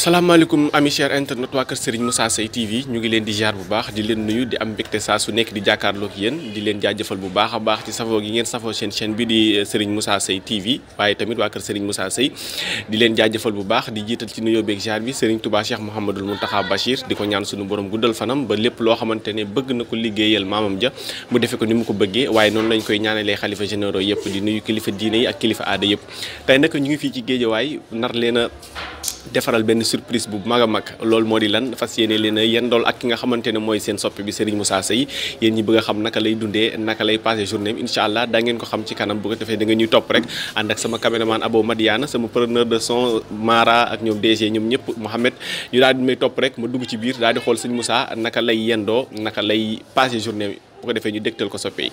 salaamaaleykum ami cher internet waa kër Serigne Moussa Seye TV ñu ngi leen di jaar bu baax di leen nuyu di am mbégte saa su nekk di jàkkaarloog yéen di leen jaajëfal bu baax a baax ci safoo gi ngeen safoo seen chaîne bi di euh, Serigne Moussa Seye TV waaye tamit waa kër Serigne Moussa Seye di leen jaajëfal bu baax di jiital ci nuyoo beeg jaar bi tubaa Touba Cheikh Mouhamadul Mountakha Bachir di ko ñaan suñu borom guddal fanam ba lépp loo xamante ne bëgg na ko liggéeyal maamam ja mu defe ko ni mu ko bëggee waaye noonu lañ koy ñaanalee xalifa généraux yëpp di nuyu kilifa diine yi ak kilifa yëpp tey nag ñu ngi fii ci Géejawaay nar leen a defaral benn surprise bu mag a mag loolu moo di lan fas yéene leen a yen dool ak ki nga xamante ne mooy seen soppe bi Serigne Moussa Seye yéen ñi bëgg xam naka lay dundee naka lay passé journée bi incha allah daa ngeen ko xam ci bu ko defee da nga ñuy topp rek ànd ak sama caméraman Abo Madiana sama preneur de son Mara ak ñoom DG ñoom ñëpp Mouhamed ñu daal di may topp rek ma dugg ci biir daal di xool Serigne Moussa naka lay yendoo naka lay passé journée bi bu ko defee ñu dégtal ko soppe yi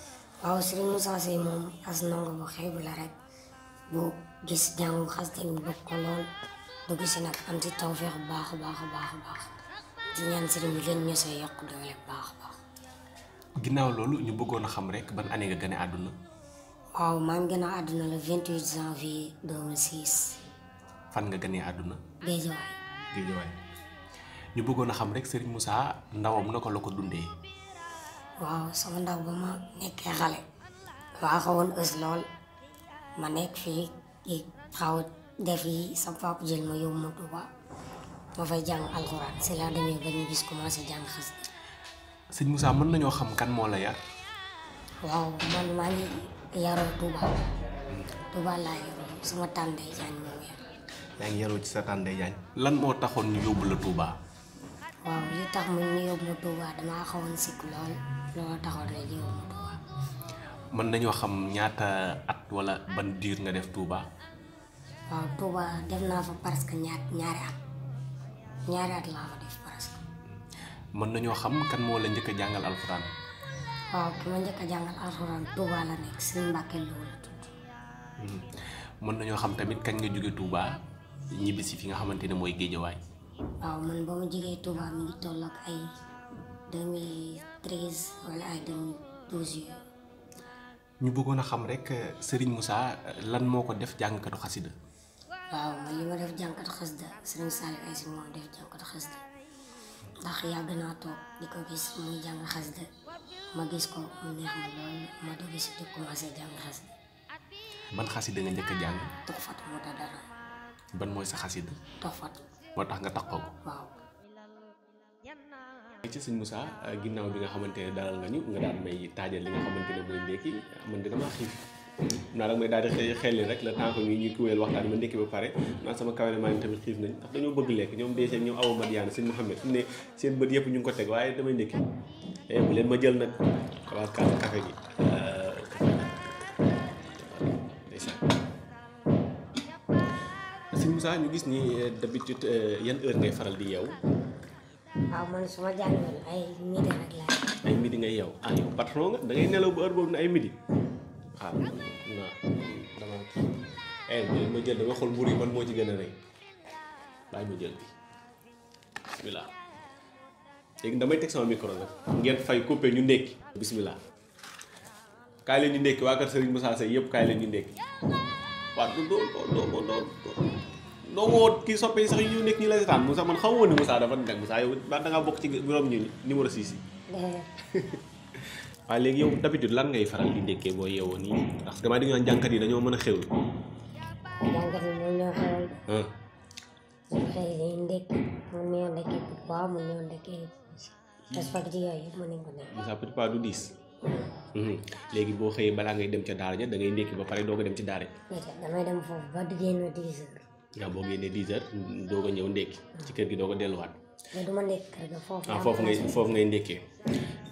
waaw sëriñ musa Seye moom as ndongo bu xeebu la rek bu gis jàngu xasida gi bëgg ko lool bu gis nag am bah, bah, bah, bah, a baax a baax a baax di bah, bah. bi lulu, ñu sa yokk doole bu baax a baax. ginnaaw loolu ñu bëggoon a xam ban année 28 2006. fan nga gënee àdduna. Géejawaay. Géejawaay ñu bëggoon a xam rek sëriñ Moussa ndawam na ko waaw sama ndaw ba ma nekkee xale maa xawoon ës lool ma nekk fii xaw def yi sama papa jël ma yóbbu ma Tuuba ma fay jàng alxuraan si laa demee ba ñu gis commencé jàng xas sëñ Moussa mën nañoo xam kan moo la yar waaw man maa ngi yaroo Tuuba Tuuba laa yaroo sama tànde jaan moo yar yaa ngi yaroo ci sa tànde jaan lan moo taxoon ñu yóbbu la waaw li tax mu ñu yóbbu ma damaa xawoon sikk lool looloo taxaw day mën xam ñaata at wala ban diir nga def Touba. waaw Touba def naa fa presque ñaar ñaari at ñaari at laa fa def presque. mën nañoo xam kan moo la njëkk a jàngal alxuraan. waaw ki ma njëkk a jàngal alxuraan Touba la nekk Sëriñ hmm. Mbàkke Lo la tudd. mën nañoo xam tamit kañ nga jóge Touba ñibbisi fi nga xamante ne mooy Géejawaay. waaw man ba ma jógee Touba mi ngi toll ak ay 2000 actrice or I don't ñu bëggoon a xam rek euh, Serigne Moussa euh, lan moo ko def jàngkatu xasida waaw man li ma def jàngkatu xasida moo def jàngkatu xasida ndax yàgg naa toog di ko gis muy jàng xasida a jàng moo dara sa xasida moo tax nga ci sëñ Moussa euh, ginnaaw bi nga xamante ne dalal nga ñu nga daan may taajal li nga xamante ne mooy ndékki man dina maa xiif naa nag may daal xel xelli rek le temps que ñu ñuy kuweel waxtaan ma ndékki ba pare naan sama kawele maa tamit xiif nañ ndax dañoo bëgg lekk ñoom deesee ñoom awa Madiane sëñ Mouhamed fi mu seen bët yëpp ñu ngi ko teg waaye damay ndékki eh, bu leen ma jël nag waa kaas café gi euh, ñu gis ni euh, d'habitude yan heure ngay faral di yeew waaw man su ma jàngoon ay midi rek laa. ay ah, patron nga da ngay nelaw ba heure boobu ay midi waaw ah, waaw dama kii eh ma jël dama xool mburu yi man moo ci gën a rëy bàyyi ma jël bi bisimilah léegi damay teg sama micro ngeen fay coupé ñu ndékki bisimilah kaay leen ñu ndékki waa kër Serigne Moussa Seye yëpp kaay leen ñu ndongo kii soppee sax yu nekk ñi lay seetaan Moussa man xaw ni Moussa dafa nekk Moussa yow da nga bokk ci borom ñu numéro 6 yi waaye léegi yow d'habitude lan ngay faral di dékkee boo yeewoo nii ndax dama di nga jànkat yi dañoo mën a xew jànkat yi mooy ñoo xewal xëy day ndekk mu neew ndekki paa mu neew ndekki respect yooyu yëpp mu ne ko ne Moussa petit pas du 10 léegi boo xëyee balaa ngay dem ca daara ja da ngay ndekki ba pare doog a dem ci daara damay dem foofu ba diggéen ma 10 heures waaw boo génnee dix heures doog a ñëw ndékki ci kër gi doo ko delluwaat. mais du ma foofu. ah foofu ngay foofu ngay ndékkee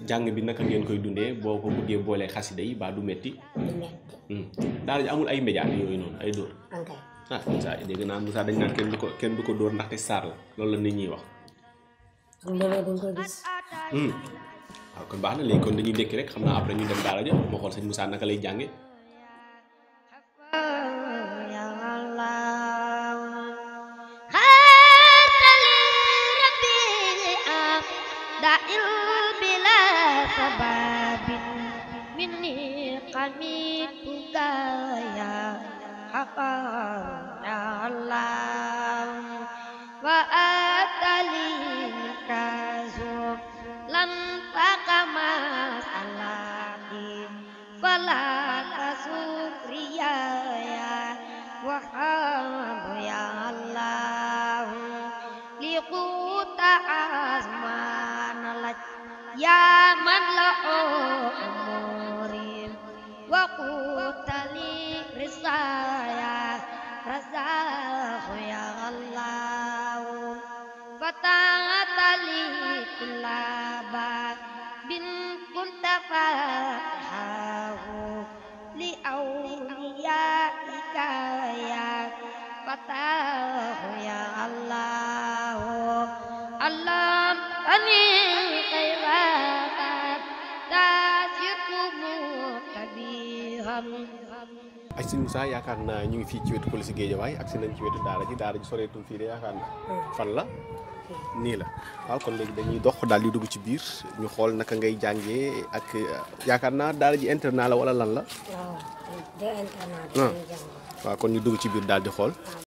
jàng bi naka ngeen koy dundee boo ko bëggee boolee xasida yi baa du metti. du metti. Hmm. amul ay médias yooyu noonu ay dóor. ok ah Moussa naa Moussa dañ naan kenn du ko kenn du ko dóor ndaxte saar la loolu la nit ñi wax. bu demee dañ koy gis. waaw hmm. ah, kon baax na léegi kon dañuy ndékki rek xam naa après ñu dem daara ja moo xool sëñ Moussa naka lay jàngee. ini kami budaya hafalna Allah wa atali kazu lam takama alaki fala kasufriya ya wa ya Allah liquta azmanalaj ya man la'u طلابا بن كنت فرحاه لأوليائك يا فتاه يا الله الله أني sëñ Moussa yaakaar naa ñu ngi fii ci wetu si Guédiawaye ak si nañ ci wetu daara ji daara ji soreetum fii de yaakaar naa hmm. fan la hmm. nii la waaw kon léegi dañuy dox daal di dugg ci biir ñu xool naka ngay jànge ak yaakaar naa daara ji internat la wala lan la waaw ah. kon ñu dugg ci biir daal di xool ah.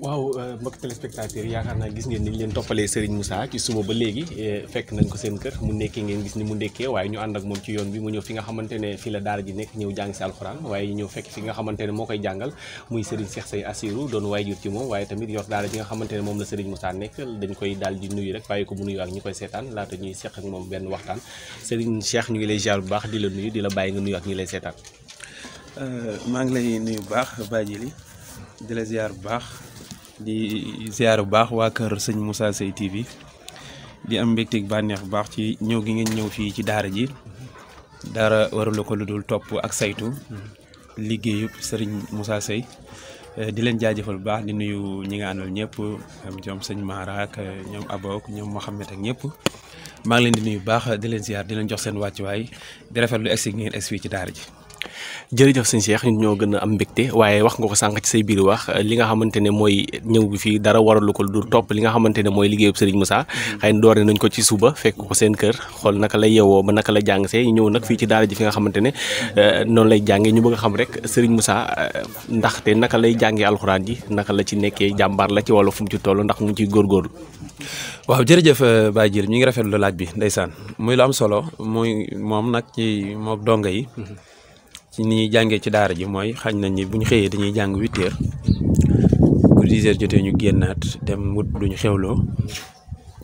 waaw euh, mbokk téléspectateur yaakaar naa gis ngeen ni leen toppalee Serigne Moussa ci suba ba léegi eh, fekk nañ ko seen kër mu nekkee ngeen gis ni mu nekkee waaye ñu ànd ak moom ci yoon bi mu ñëw fi nga xamante ne fii la daara ji nekk ñëw jàng si alxuraan waaye ñëw fekk fi nga xamante ne moo koy jàngal muy Serigne Cheikh Seye Assirou doon waay moom tamit yor daara ji nga xamante ne moom la Serigne Moussa nekk dañ koy daal di nuyu rek bàyyi ko mu nuyu ak ñi koy seetaan laata ñuy seq ak moom benn waxtaan Serigne Cheikh ñu ngi lay ziar bu baax di la nuyu di la bày nga nuyu ak ñi lay seetaan euh, maa ngi lay nuyu bu baax Badjili di la ziar bu baax di ziar bu baax waa kër sëñ Moussa Seye TV di am mbégteeg bànneex bu baax ci ñëw gi ngeen ñëw fii ci daara ji dara warula ko lu dul topp ak saytu liggéeyu sëriñ Moussa Seye eh, di leen jaajëfal bu baax di nuyu ñi nga àndal ñëpp am ñoom sëñ Mara eh, ñoom Abok ñoom Mohamed ak ñëpp maa ngi leen di nuyu baax di leen ziar di leen jox seen wàccuwaay di rafetlu egsi ngeen egsi fii ci daara ji. jërëjëf sëñ Cheikh ñun ñoo gën a am mbégte waaye wax nga ko sànq ci say biir wax li nga xamante ne mooy ñëw bi fii dara waralu ko du topp li nga xamante ne mooy liggéeyub Serigne Moussa mm-hmm. xëy na doore nañ ko ci suba fekk ko seen kër xool naka la yeewoo ba naka la jàng ñëw nag fii ci daara ji fi nga xamante ne mm-hmm. euh, noonu lay jàngee ñu bëgg a xam rek Serigne Moussa euh, ndaxte naka lay jàngee alxuraan ji naka la ci nekkee jàmbaar la ci wàllu fu ci toll ndax mu ngi ciy góorgóorlu. waaw jërëjëf euh, Baye Diir ñu ngi rafetlu laaj bi ndeysaan muy la am solo muy moom nag ci moog donga yi mm-hmm. ci ni ñuy jàngee ci daara ji mooy xañ nañ ni bu ñu xëyee dañuy jàng huit heures bu dix heures jotee ñu génnaat dem wut duñu xewloo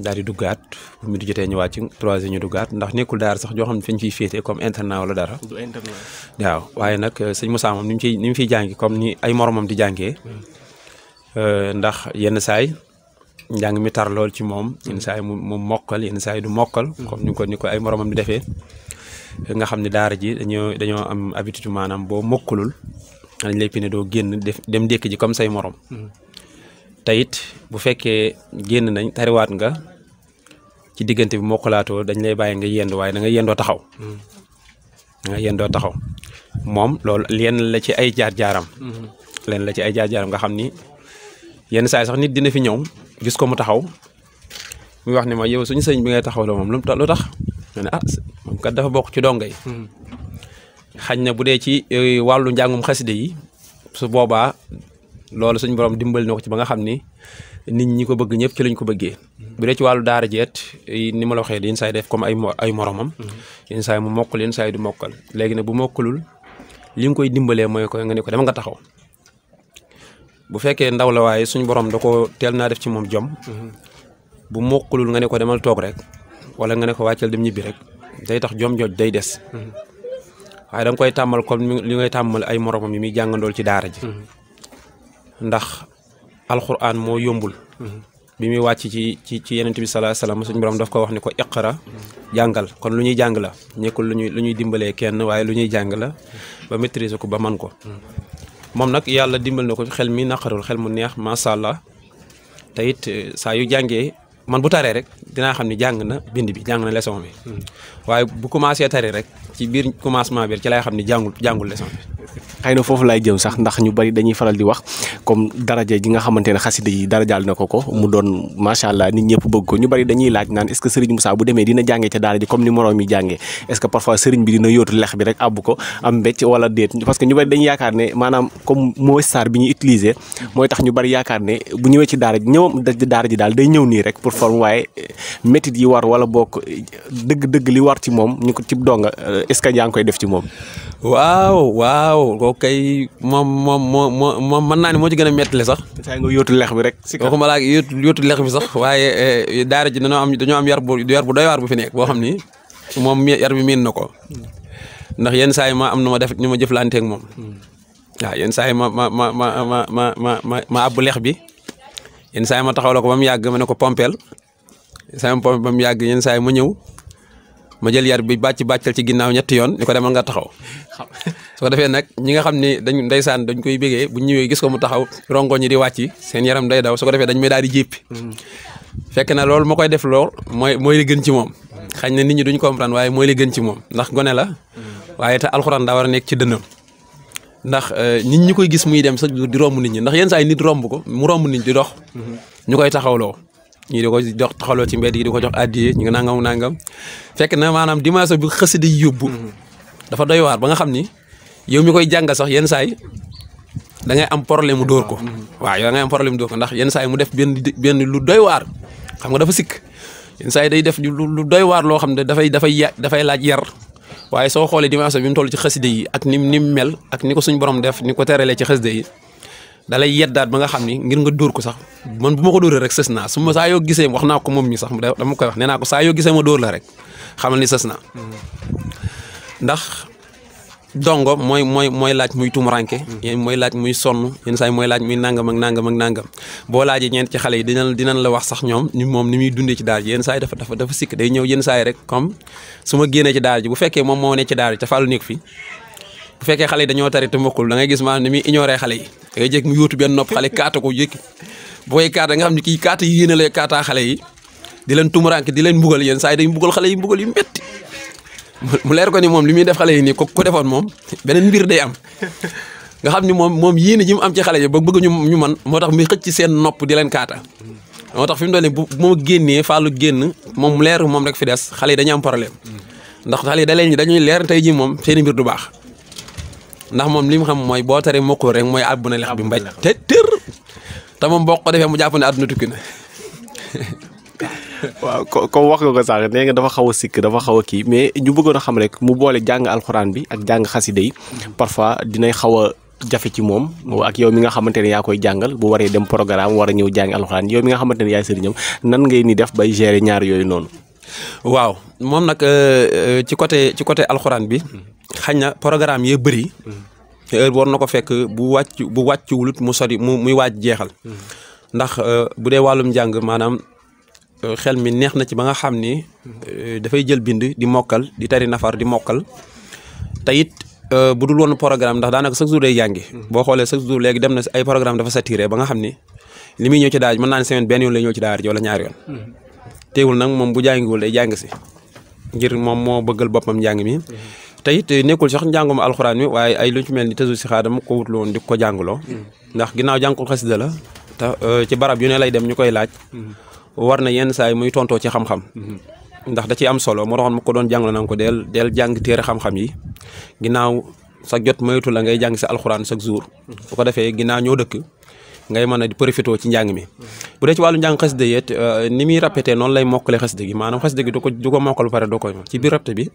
daal di duggaat bu mu di jotee ñu wàcc trois heures ñu duggaat ndax nekkul daara sax joo xam fi ñu fiy féetee comme internat wala dara. du internat waaw waaye nag euh, sëñ Moussa moom ni mu fiy ni fiy jàngi comme ni ay moromam di jàngee mm. euh, ndax yenn saay njàng mi tar lool ci moom mm. yenn saay mu mokkal yenn saay du mokkal. Mm. comme ni ko ni ko ay moromam di defee. nga xam ne daara ji dañoo dañoo am habitude maanaam boo mokkulul dañ lay pine doo génn def dem ndékki ji comme say moroom hmm. te it bu fekkee génn nañ tariwaat nga ci diggante bi mokkulaatoo dañ lay bàyyi nga yendu waaye da nga yendoo taxaw hmm. da nga yendoo taxaw moom loolu lenn la ci ay jaar-jaaram hmm. la ci ay jaar nga xam ni yenn saay nit dina fi ñëw gis ko mu taxaw muy wax ne ma yow suñu sëñ bi ngay taxaw la moom lu tax ñu ne ah moom kat dafa bokk ci donga yi hmm. na bu dee ci eh, wàllu njàngum xaside yi su boobaa loolu suñ borom dimbali na ko ci ba nga xam ni nit ñi ko bëgg ñëpp ci lañ ko bëggee hmm. bu dee ci wàllu daara jeet eh, ni ma la waxee yenn saa yi def comme ay ay moromam yenn hmm. mu mokkul yenn saa du mokkal léegi na bu mokkulul li nga koy dimbalee mooy ko nga ne ko dama nga taxaw bu fekkee ndaw la waaye suñ borom da ko teel naa def ci mom jom bu mokulul nga ne ko demal tok rek wala nga ne ko wàccal dem ñibbi rek day tax jom jooj day des waaye da koy tàmmal comme li ngay tàmmal ay moromam yi muy jàngandool ci daara ji ndax alxuraan moo yombul bi muy wàcc ci ci ci yenent bi salaa salaam suñu borom daf ko wax ni ko iqra jàngal kon lu ñuy jàng la nekkul lu ñuy dimbalee kenn waaye lu ñuy jàng la ba maîtriser ko ba man ko moom nag yàlla dimbal na ko xel mi naqarul xel mu neex macha allah te it saa yu jàngee man bu taree rek dinaa xam ni jàng na bind bi jàng na leçon bi hmm. waaye bu commencé tari rek ci biir commencement bi ci lay xam ni jàngul jàngul leçon bi xëy na foofu laay jëm sax ndax ñu bari dañuy faral di wax comme daraja ji nga xamante ne xasida yi darajaal na ko ko mu doon macha allah nit ñëpp bëgg ko ñu bari dañuy laaj naan est-ce que Serigne Moussa bu demee dina jàngee ca daara ji maanaam comme mooy star bi ñuy utiliser mooy tax ñu bari yaakaar ne bu ñëwee ci daara ji ñëwam daara daal day ñëw nii rek pour forme waaye eh, métit yi war wala bokk eh, dëgg-dëgg li war ci moom ñu ko ci donga eh, est-ce que yaa ngi koy def ci moom waaw waaw waaw kooku kay moom moom moo moo moom mën naa ne moo ci gën a mettale sax. saa nga yóotu lex bi rek. ma laa yóotu yóotu lex bi sax waaye eh, daara ji dañoo am dañoo am yar bu yar bu doy waar bu fi nekk boo xam ni moom yar bi miin na ko ndax yenn saa ma am na ma def ñu ma jëflanteeg moom. waaw yenn saa yi ma ma ma ma ma ma ma ma abbu lex bi yenn saa yi ma taxawloo ko ba mu yàgg ma ne ko pompeel yenn saa ma pompeel ba mu yàgg yenn saa ma ñëw. ma jël yar bi bàcc bàccal ci ginnaaw ñetti yoon ni ko demal nga taxaw soo ko defee nag ñi nga xam ni dañ ndeysaan dañ koy bégee bu ñëwee gis ko mu taxaw rongo ñi di wàcc seen yaram day daw su ko defee dañ may daal di jéppi hmm. fekk na loolu ma koy def lool mooy mooy li gën ci moom xañ na nit ñi duñ comprendre waaye mooy li gën ci moom ndax gone la hmm. waaye te alxuraan daa a nekk ci dënnam ndax euh, nit ñi koy gis muy dem sa di romb nit ñi ndax yenn saa yi nit romb ko mu romb nit di dox hmm. ñu koy taxaw taxawloo ñi diko jox xolo ci mbéd yi diko jox ñi nga nangam nangam fekk na manam dimanche bi di yobbu mhm. dafa doy war ba nga xamni yow mi koy jàng sax yeen say da ngay am problème door ko mhm. wa yow da ngay am problème door ko ndax yeen say mu def ben ben lu doy war xam nga dafa sik yeen say day def lu doy war loo fay da fay ya-, da fay laaj yar waye so xolé dimanche bi mu toll ci xëssi yi ak nim nim mel ak niko suñu borom def ni téréle ci xëssi yi da lay yeddaat ba nga xam ni ngir nga dóor ko sax man bu ma ko dóoree rek sës naa su ma saa yoo gisee wax naa ko moom mi sax dama koy wax nee naa ko saa yoo gisee ma dóor la rek xamal ni sës naa ndax dongo mooy mooy mooy laaj muy tumuranke yéen mooy laaj muy sonn yenn saa yi mooy laaj muy nangam ak nangam ak nangam boo laajee ñeent xale yi dinañ dinañ la wax sax ñoom ni moom ni muy dundee ci daara ji yenn saa yi dafa dafa dafa sikk day ñëw yenn saa yi rek comme su ma génnee ci daara ji bu fekkee moom moo ne ci daara ji te fàllu nekk fi bu fekke xalé dañu tari te mbokkul da ngay gis maanaam ni mi ignoré xalé da ngay jek mu yootu ben nopp xalé kaata ko jek boy kaata nga xam ki kii kaata yi yeenale kaata xalé yi di leen tumuranke di len mbugal yeen say yi mbugal xalé yi mbugal yu metti mu leer ko ni moom limi def xalé yi ni ko ko defon moom benen mbir day am nga xam ni moom moom yéene ji mu am ci xalé yi ba bëgg ñu ñu man motax mi muy ci seen nopp di len kaata motax tax fi mo genné bu ma génnee faalu moom mu leer mom rek fi dess xalé yi dañu am problème ndax xalé yi da leen dañuy leer tay ji moom seen mbir du bax ndax moom li mu xam mooy boo taree mokkul rek mooy àbb na lex bi mbaj te tër te moom boo ko defee mu jàpp ne àdduna tukki na waaw wax nga ko sax nee dafa xaw a dafa xaw a kii mais ñu bëggoon a xam rek mu boole jàng alxuraan bi ak jàng xasida yi parfois dinay xaw a jafe ci moom ak yow mi nga xamante ne yaa koy jàngal bu waree dem programme war a ñëw jàng yow mi nga xamante ne yaay sëriñam nan ngay ni def bay gérer ñaar yooyu noonu waaw moom nag euh, euh, ci côté ci côté alxuraan bi xañ na programme yee bëri. te mm-hmm. war na ko fekk bu wàcc bu wàccuwulut mu sori mu muy waaj jeexal. Mm-hmm. ndax euh, bu dee wàllum njàng maanaam euh, xel mi neex na ci ba nga xam ni. Mm-hmm. dafay jël bind di mokkal di tari nafar di mokkal te it euh, bu dul woon programme ndax daanaka chaque jour day jàngi. boo xoolee chaque jour léegi dem na ay programme dafa saturé ba nga xam ni li muy ñëw ci daara mën naa ne semaine benn yoon lay ñëw ci daara ji yoon. teewul nag moom bu jàngiwul day jàng si ngir moom moo bëggal boppam njàng mi. te it nekkul sax njàngum alxuraan mi waaye ay lu ci mel ni tësu si xaadam ko wutlu woon di ko jàngloo hmm. ndax ginnaaw jàngul xasida la te euh, ci barab yu ne lay dem ñu koy laaj hmm. war na yenn saa muy tontoo ci xam-xam hmm. ndax da ci am solo moo taxoon ma ko doon jàngloo nanga ko del del jàng téere yi ginnaaw sa jot moytu la ngay jàng si alxuraan chaque jour bu ko defee ginnaaw ñoo dëkk ngay mën a di ci njàng mi bu dee ci wàllu njàng xasida yeet euh, ni muy répété noonu lay mokkale xasida gi maanaam xasida gi du ko du ko mokkal ba pare doo koy ci biir répété bi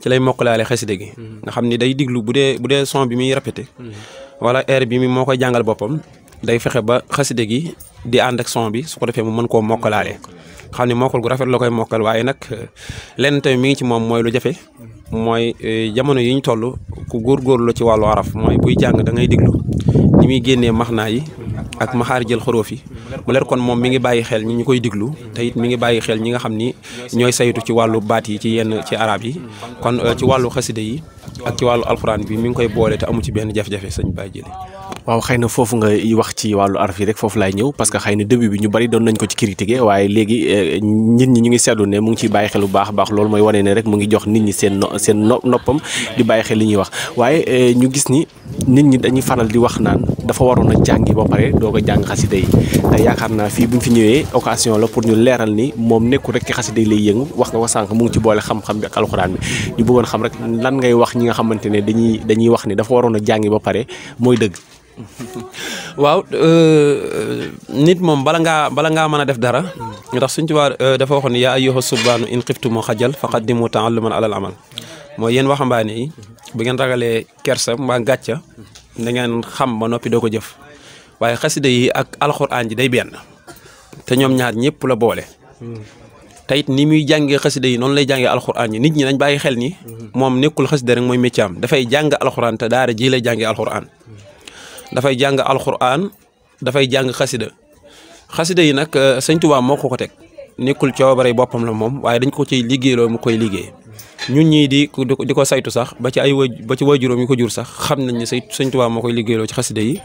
ci lay mokkalaale xasida gi mm-hmm. nga xam ni day diglu bu dee bu dee son bi muy répété mm-hmm. wala air bi mi moo koy jàngal boppam day fexe ba xasida gi di ànd ak son bi su ko defee mu mën koo mokkalaale xam ni mokkal gu rafet la koy mokkal waaye nag lenn tamit mi ngi ci moom mooy lu jafe mm-hmm. mooy eh, jamono yi ñu toll ku góor góor lu ci wàllu araf mooy buy jàng da ngay diglu ni muy génnee max naa yi ak maxaarijal jël yi mu leer kon moom mi ngi bàyyi xel ñi ñu koy diglu te mi ngi bàyyi xel ñi nga xam ni ñooy saytu ci wàllu baat yi ci yenn ci araab yi kon euh, ci wàllu xasida yi ak ci wàllu alxuraan bi mi ngi koy boole te amu ci benn jafe-jafe sëñ Baye Jili waaw xëy na foofu nga wax ci wàllu araf yi rek foofu laay ñëw parce que xëy na début bi ñu bari doon nañ ko ci critiquer waaye léegi eh, nit ñi ñu ngi seetlu ne mu ngi ciy bàyyi xel bu baax a baax loolu mooy wane ne rek mu ngi jox seen no seen di bàyyi xel li ñuy wax waaye eh, ñu gis ni nit ñi dañuy faral di wax naan dafa waroon a jàngi ba pare doo ko jàng xasida yi te yaakaar naa fii bu ñu fi ñëwee occasion la pour ñu leeral ni moom nekku rek ci xasida yi lay yëngu wax nga ko sànq mu ngi ci boole xam-xam bi ak alxuraan bi ñu bëggoon xam lan ngay wax ñi nga xamante ne dañuy dañuy wax ne dafa waroon a jàngi ba pare mooy dëgg waaw euh, nit mom bala ngaa bala ngaa mën a def dara ndax suñ tubaa euh, dafa waxoon ya ayyuha subhanu in xiftumu xajal faqaddimu taalluman alal amal mooy yéen waxambaane yi bu ngeen ragalee kersa mbaa gàcca da ngeen xam ba noppi doo ko jëf waaye xasida yi ak alxuraan ji day benn te ñoom ñaar ñëpp la boole te it ni muy jàngee xasida yi noonu lay jàngee alxuraan yi nit ñi nañ bàyyi xel ni. Mhm. moom nekkul xasida rek mooy métier am dafay jàng alxuraan te daara ji lay jàngee alxuraan. Mhm. dafay jàng alxuraan dafay jàng xasida xasida yi nag euh, sëñ moo ko ko teg nekkul coobare boppam la moom waaye dañ ko ciy liggéeyloo mu koy liggéey. Mhm. ñun ñii di di ko saytu sax ba ci ay ba ci waajuróom yi ko jur sax xam nañ ne say sëñ moo koy liggéeyloo ci xasida yi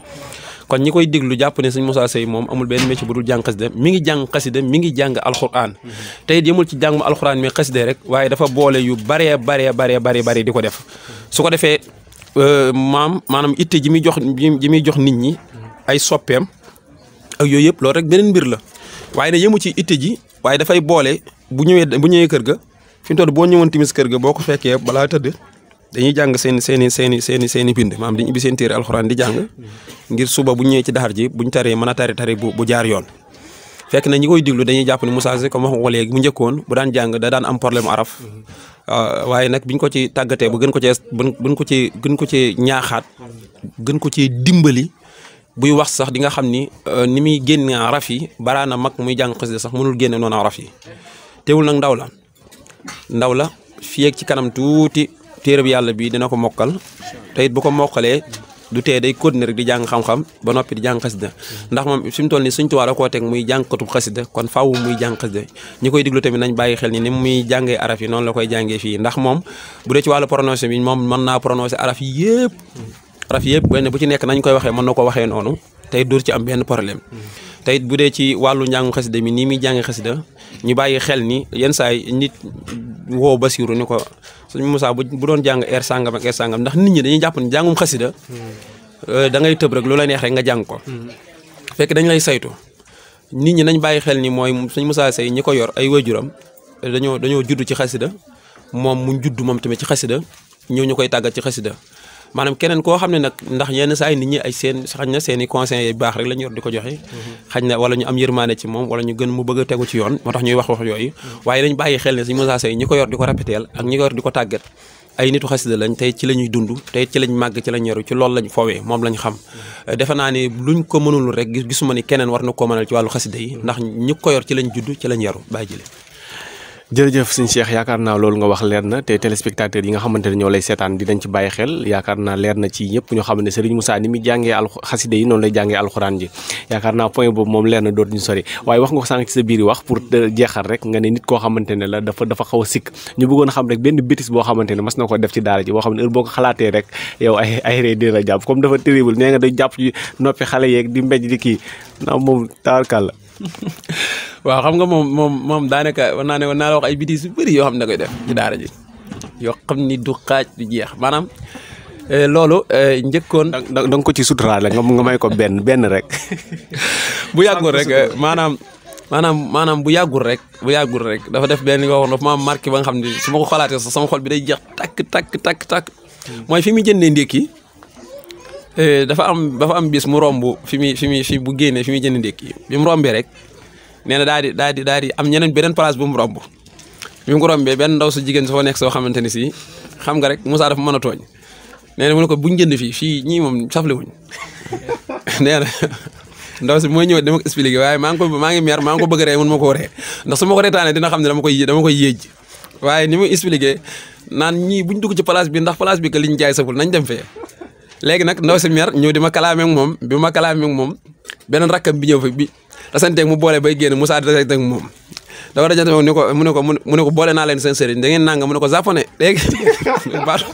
kon ñi koy déglu jàpp ne sëñ Moussa Seye moom amul benn métier bu dul jàng xasida mi ngi jàng xasida mi ngi jàng alxuraan mhm. tey yemul ci jàng alxuraan mi xasida rek waaye dafa boole yu baree baree baree baree bari di ko def su ko defee euh, maam maanaam itte ji muy jox ji muy jox nit ñi ay soppeem ak yooyu yëpp loolu rek beneen mbir la waaye ne yëmu ci itte ji waaye dafay boole bu ñëwee bu ñëwee kër ga fi mu toll boo ñëwoon timis kër ga boo ko fekkee balaa tëdd dañuy jang seen seni seni seni seen bind maam dañu ibi seen téré alcorane di jang. ngir suba bu ñëw ci dahar ji buñ taré mëna taré taré bu bu jaar yoon fekk na ñi koy diglu dañuy japp ni Moussa Cissé comme wax mu ñëkkoon bu daan jang da daan am problème araf euh, waaye nak biñ ko ci tagaté bu gën ko ci buñ ko ci gën ko ci ñaaxaat gën ko ci dimbali buy wax sax di nga xamni ni mi euh, muy génne araf yi baraana mag muy jang xasida sax mënul génne non araf yi teewul nak ndaw la ndaw ak ci kanam tuuti téereb yàlla bi dina ko mokkal te it bu ko mokkalee du tee day continuer rek di jàng xam-xam ba noppi di jàng xasida ndax moom fi mu toll nii Sëñ Tuubaa da koo teg muy jàngkatub xasida kon faaw muy jàng xasida ñi koy diglu tamit nañ bàyyi xel ni ni muy jàngee yi noonu la koy jàngee fii ndax moom bu dee ci wàllu prononcé bu ci nekk nañ koy waxee mën na ko waxee noonu tey dur ci am benn problème tey bu dee ci wàllu njàngu xasida mi nii muy jàngee xasida ñu bàyyi xel ni yenn saay nit woo Basiru ni ko suñu musa bu bu doon jang air sangam ak air sangam ndax nit ñi dañuy ni jangum khassida euh da ngay teub rek lu la neex rek nga jang ko hmm. fekk dañ lay saytu nit ñi nañ bayyi xel ni moy suñu musa Seye ñiko yor ay wajuram dañoo dañoo juddu ci khassida mom mu juddu mom tamit ci khassida ñëw ñukoy koy ci khassida maanaam keneen koo xam ne nag ndax yenn saa yi nit ñi ay seen xañ na seen i conseils yu baax rek la yor di ko joxe xañ na wala ñu am yërmaane ci moom wala ñu gën mu bëgg a tegu ci yoon moo tax ñuy wax wax yooyu waaye dañ bàyyi xel ne suñu Moussa Seye ñi ko yor di ko répéteel ak ñi ko yor di ko tàggat ay nitu xasida lañ tey ci la ñuy dund tey ci lañ màgg ci lañ yaru ci loolu lañ foowee moom lañ xam defe naa ni ñu ko mënulu rek gisuma ni keneen war na koo mënal ci wàllu xasida yi ndax ko yor ci lañ judd ci lañ yaru bàyyi jële jërëjëf sëñ Cheikh yaakaar naa loolu nga wax leer na te téléspectateurs yi nga xamante ne ñoo lay seetaan dinañ ci bàyyi xel yaakaar naa leer na ci ñëpp ñu xam ne Serigne Moussa ni mi jàngee al xaside yi noonu lay jàngee alxuraan ji yaakaar naa point boobu moom leer na dootuñu sori waaye wax nga ko sànq ci sa biir wax pour euh, jeexal rek nga ne nit koo xamante ne la dafa dafa xaw a sikk ñu bëggoon xam rek benn bêtise boo xamante ne mas na ko def ci daara ji boo xam ne heure boo ko xalaatee rek yow ay ay ree dina la jàpp comme dafa terrible nee nga day jàpp ci noppi xale yeeg di mbéj di kii naa moom taarkal waaw xam nga moom moom moom daanaka war naa ne war naa la wax ay bêtises yu bëri yoo xam ne da def ci daara ji yoo xam ni du xaaj du jeex maanaam eh, loolu eh, njëkkoon. da nga ko ci suturaale nga may ko benn benn rek. bu yàggul rek eh, maanaam. maanaam maanaam bu yàggul rek bu yàggul rek dafa def benn yoo xam dafa ma marqué ba nga xam ne su ma ko xalaatee sama xol bi day jeex takk takk takk takk hmm. mooy fi muy jëndee ndékki. Eh, dafa am dafa am bis mu romb fi muy fi muy fi bu génnee fi muy jënd ndékki bi mu rombee rek nee na daal di daal di daal di am ñeneen beneen place bu mu romb bi mu ko rombee benn ndaw su jigéen su nekk soo xamante ni si xam nga rek Moussa dafa mën a tooñ na mu ne ko buñ jënd fii fii ñii moom safle wuñ nee na ndaw si mooy ñëw dama ko expliqué waaye maa ngi ko maa ngi mer maa ngi ko bëgg a ree mun ma koo ree ndax su ma ko reetaanee dina xam ne dama koy dama waaye ni muy expliqué naan ñii buñ dugg ci place bi ndax place bi que liñ jaay saful nañ dem fee léegi nag ndaw si mer ñëw di ma kalaame moom bi ma kalaame ak moom beneen rakkam bi ñëw fa bi tasanteeg mu boole bay génn Moussa di tasanteeg moom dafa dajante moom ni ko mu ne ko mu ne ko boole naa leen seen sëriñ da ngeen nanga mu ne ko japonais léegi baatu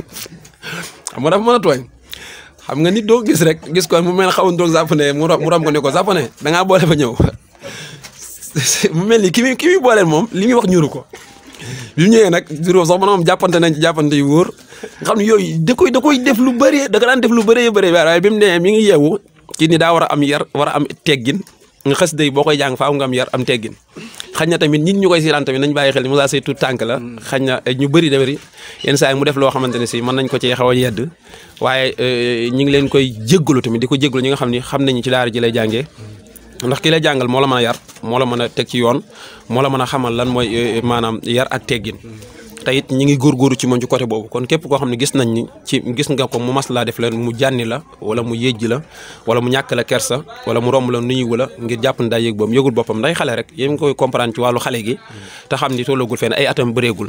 xam nga dafa mën a xam nga nit doo gis rek gis ko mu mel ne xawoon doog japonais mu rom ko ne ko japonais da boole fa ñëw mu mel ni ki muy ki booleel moom li muy wax ñuuru ko bi mu ñëwee nag jur boobu sax maanaam jàppante nañ ci jàppante yu wóor xam ne yooyu da koy da koy def lu bëree daga ko daan def lu bëree bëri waaye bi mu nee mi ngi yeewu ci ni daa war a am yar war am teggin nga xas day boo koy jàng faaw nga am yar am teggin xañ na tamit nit ñu koy siiraan tamit nañ bàyyi xel Moussa Seye tout tànk la mm. xañ na eh, ñu bëri dabëri yenn saa yi mu def loo xamante ne si mën nañ ko ci xaw a yedd waaye eh, ñi ngi leen koy jéggalu tamit di ko jéggalu ñi nga xam ne xam nañu ci daara ji lay jàngee ndax ki la jàngal moo la mën a yar moo la mën a teg ci yoon moo la mën a xamal lan mooy eh, eh, maanaam yar ak teggin te it ñi ngi góor góorgóoru ci moom ci côté boobu kon képp koo xam ne gis nañ ni ci gis nga ko mu mas laa def leen mu jànni la wala mu yéjji la wala mu ñàkk la kersa wala mu romb la nuyuwu la ngir jàpp ne daa yëg boom yëgul boppam nday xale rek yéen ngi koy comprendre wàllu xale gi te xam ni tollagul fenn ay atam bëreegul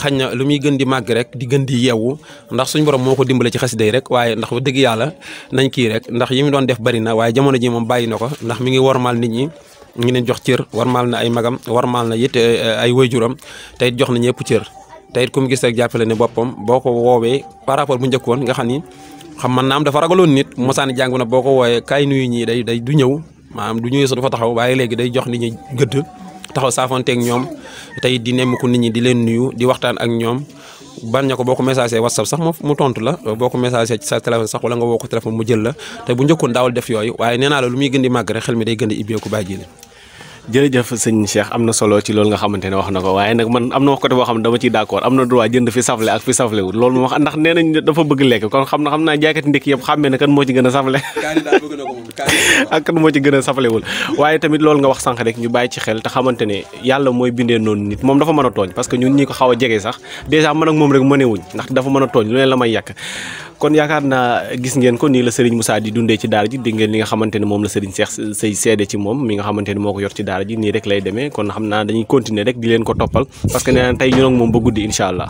xañ na lu muy gën di màgg rek di gën di yeewu ndax suñ borom moo ko dimbale ci xasida yi rek waaye ndax dëgg yàlla nañ kii rek ndax yi mu doon def bari na waaye jamono ji moom bàyyi na ko ndax mi ngi wormaal nit ñi ngi leen jox cër warmaal na ay magam warmaal na it ay waajuram te it jox na ñëpp cër te it gis rek jàppale ne boppam boo ko woowee par rapport bu njëkkoon nga xam ni xam man naam dafa ragaloon nit mosaan jàngu na boo ko wooyee kaay nuyu ñii day day du ñëw maanaam du ñëwee sax du fa taxaw waaye léegi day jox nit ñi gëdd taxaw saafonteeg ñoom tey di nemmiku nit ñi di leen nuyu di waxtaan ak ñoom ban ña ko boo ko message whatsapp sax mu tontu la boo ko message ci sa téléphone sax wala nga woo ko téléphone mu jël la te bu njëkkoon daawul def yooyu waaye nee lu muy gën di màgg rek xel mi day gën di ibbeeku bàyyi jërëjëf sëñ Cheikh am na solo ci lool nga xamante ne wax na ko waaye nag man am na wax côté boo xam ne dama ciy d'accord am na droit jënd fi safle ak fi saflewul loolu moom wax ndax nee nañ dafa bëgg lekk kon xam naa jaaykati ndékki yëpp xàmmee na moo ci gën a safle waaye tamit loolu nga wax sànq rek ñu bàyyi ci xel te xamante ne yàlla mooy bindee noonu nit moom dafa mën a tooñ parce que ñun ñi ko xaw a jege sax dèjà ma ak moom rek mënewuñ ndax dafa mën a tooñ lu ne la may yàq kon yaakaar naa gis ngeen ko nii la Serigne Moussa di dundee ci daara ji dégg ngeen li nga xamante ne moom la Serigne Cheikh say seede ci moom mi nga xamante ne moo ko yor ci daara ji nii rek lay demee kon xam naa dañuy continuer rek di leen ko toppal parce que nee naa tey ñu nag moom ba guddi incha allah.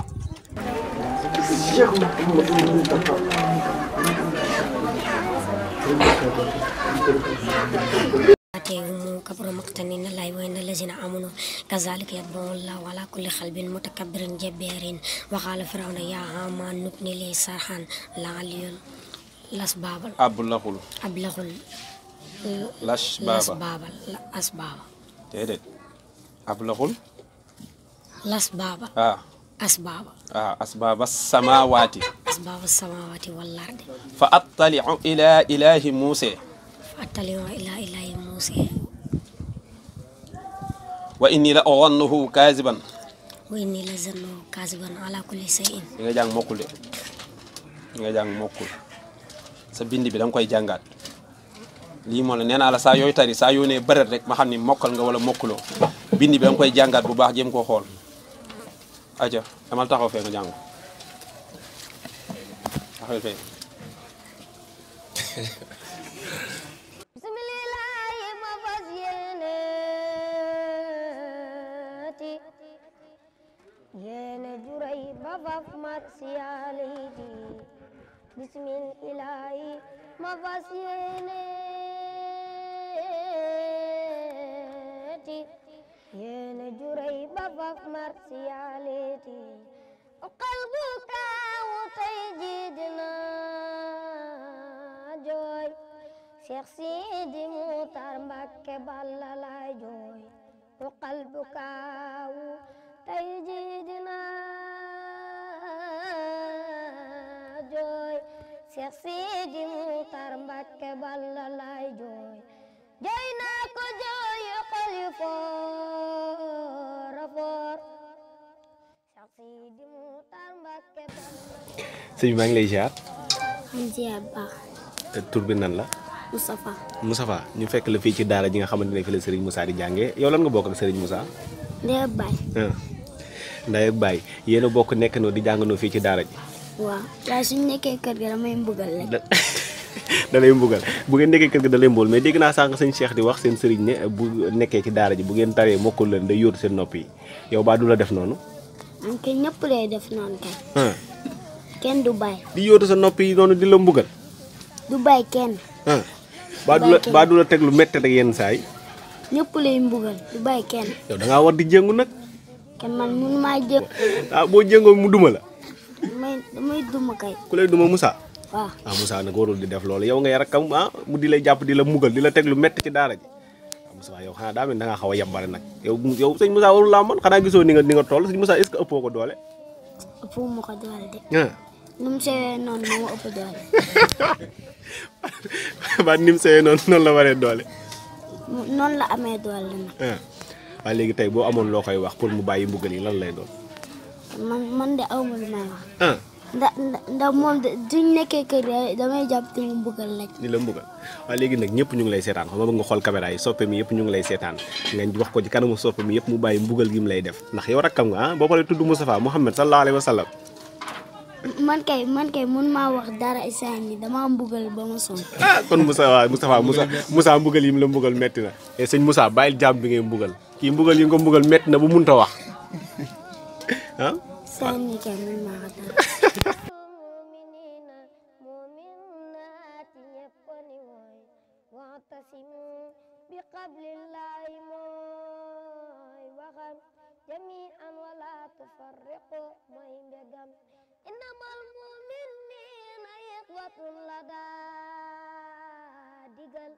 يوم كبر مقتا إن الله وإن الذين آمنوا كذلك يطبع الله على كل قلب متكبر جبار وقال فرعون يا هامان نبني لي صرحا لعلي الأسباب أبلغل أبلغل الأسباب الأسباب تهدد أبلغل الأسباب آه أسباب آه أسباب السماوات أسباب السماوات والأرض فأطلع إلى إله موسى fàttali wa ila ilaahi muusee wa inni la orannahu kaasiban wa inni la zannahu kaasiban ala kulli shay'in li nga jàng mokkul nga jàng mokkul sa bindi bi da koy jàngaat lii moo la nee la saa yooyu tari rek ma xam nga wala mokulo Bindi bi da nga koy bu baax jéem hol. aja amal taxaw fee nga jàng taxawel yéene juray ba faf mat bismil ilaahi ma fas yéene juray ba faf mat si qalbu kaawu tey ji dina jooy Cheikh Sidi Muxtaar Mbakke Balla laay jooy qalbu kaawu dina jooy Seex Sidi Muxtaar Mbàkke Balla lagi jooy jooy naa ko jooy yu xol yu foor a foor Seex Sidi Muxtaar Mbàkke Balla sëñ maa ngi lay ziar ñu ziar baax bi nan la Moustapha Moustapha ñu fekk la fi ci daara ji nga xamanteni fi la Serigne Moussa di jàngee yow lan nga bokk ak Serigne Moussa ndaye ak bay yéena bokk no di jàngandoo fi ci dara ji waaw waaye suñu nekké kër ga damay mbugal la dalay mbugal bu ngeen nekké kër ga dalay mbol mais dégg na sank seigne Cheikh di wax seen serigne bu nekké ci dara ji bu ngeen taré mokul leen da yóotu seen nopi yow ba dula def nonu man ñepp lay def noonu kay kenn du bay di yóotu sa nopi nonu di la mbugal du bay kenn hmm ba dula ba dula la lu metti rek yeen say ñepp lay mbugal du bay kenn yow da nga war di jëngu nak kenn man mënuma jël. ah boo jëngoo mu duma la. damay damay duma kay. ku lay duma Moussa. ah, ah Moussa nag warul di def loolu yow ah mu di lay di la mugal di la teg lu métti ci daara ji. Ah, Moussa yow xanaa daa mel da ngaa xaw a yambare yow yow sëñ Moussa warul laa man xanaa gisoo ni nga ni nga toll sëñ musa est-ce ko doole. ëppoo ma ko doole de. Ah. ni mu sewee noonu moo ëpp doole. ba la doole. la doole waaye léegi tey boo amoon loo koy wax pour mu bàyyi mbugal yi lan lay doon. man man de aw ma lu wax. Ah. ndax ndax moom de duñ nekkee kër damay jàpp te mu mbugal lañ. ni la mbugal waaye léegi nag ñëpp ñu ngi lay seetaan xam nga nga xool caméra soppe mi yëpp ñu ngi lay seetaan nga wax ko ci kanamu soppe mi yëpp mu bàyyi mbugal gi mu lay def ndax yow rakkam nga ah boo paree tudd Moustapha Mouhamed sallallahu alayhi wa sallam man kay man kay mun maa wax dara isaan ni mbugal ba ma son ah kon Moussa waaw Moustapha Musa Moussa mbugal yi la mbugal metti na e sëñ Moussa bàyyil jàmm bi ngay mbugal kii mbugal yi nga mbugal metti na bu munta wax ah sànni kay wax dara innamal mu'minina ikhwatun lada digal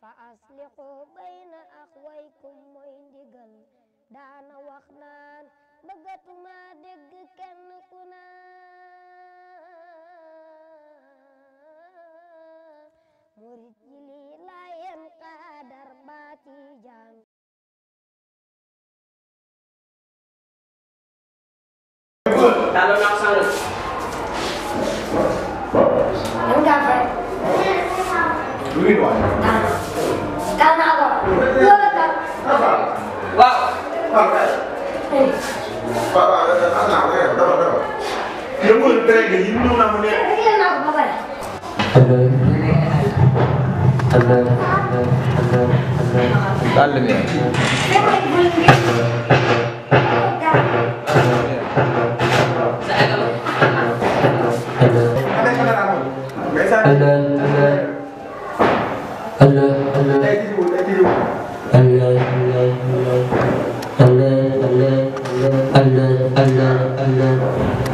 fa asliqu bayna akhwaykum mooy ndigal daana wax naan bëggatuma dégg kenn murid jili حمام اتعلم يعني Allah, Allah, Allah, Allah.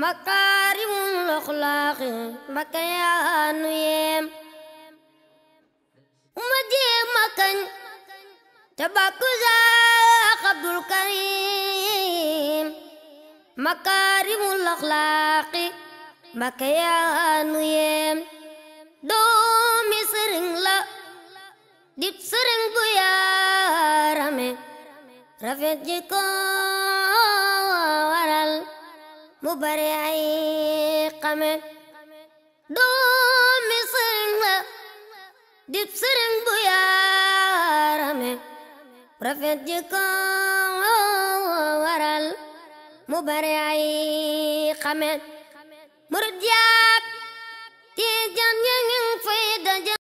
makaarimul axlaaqi Mbakke yaa nu yem uma jéem a makaarimul axlaaqi Mbakke yaa nu yem la dib sëriñ bu yaarame rafet jikko mu bare ay xame doomi sëriñ la dib sëriñ bu yaarame rafet ji waral mu bare ay xame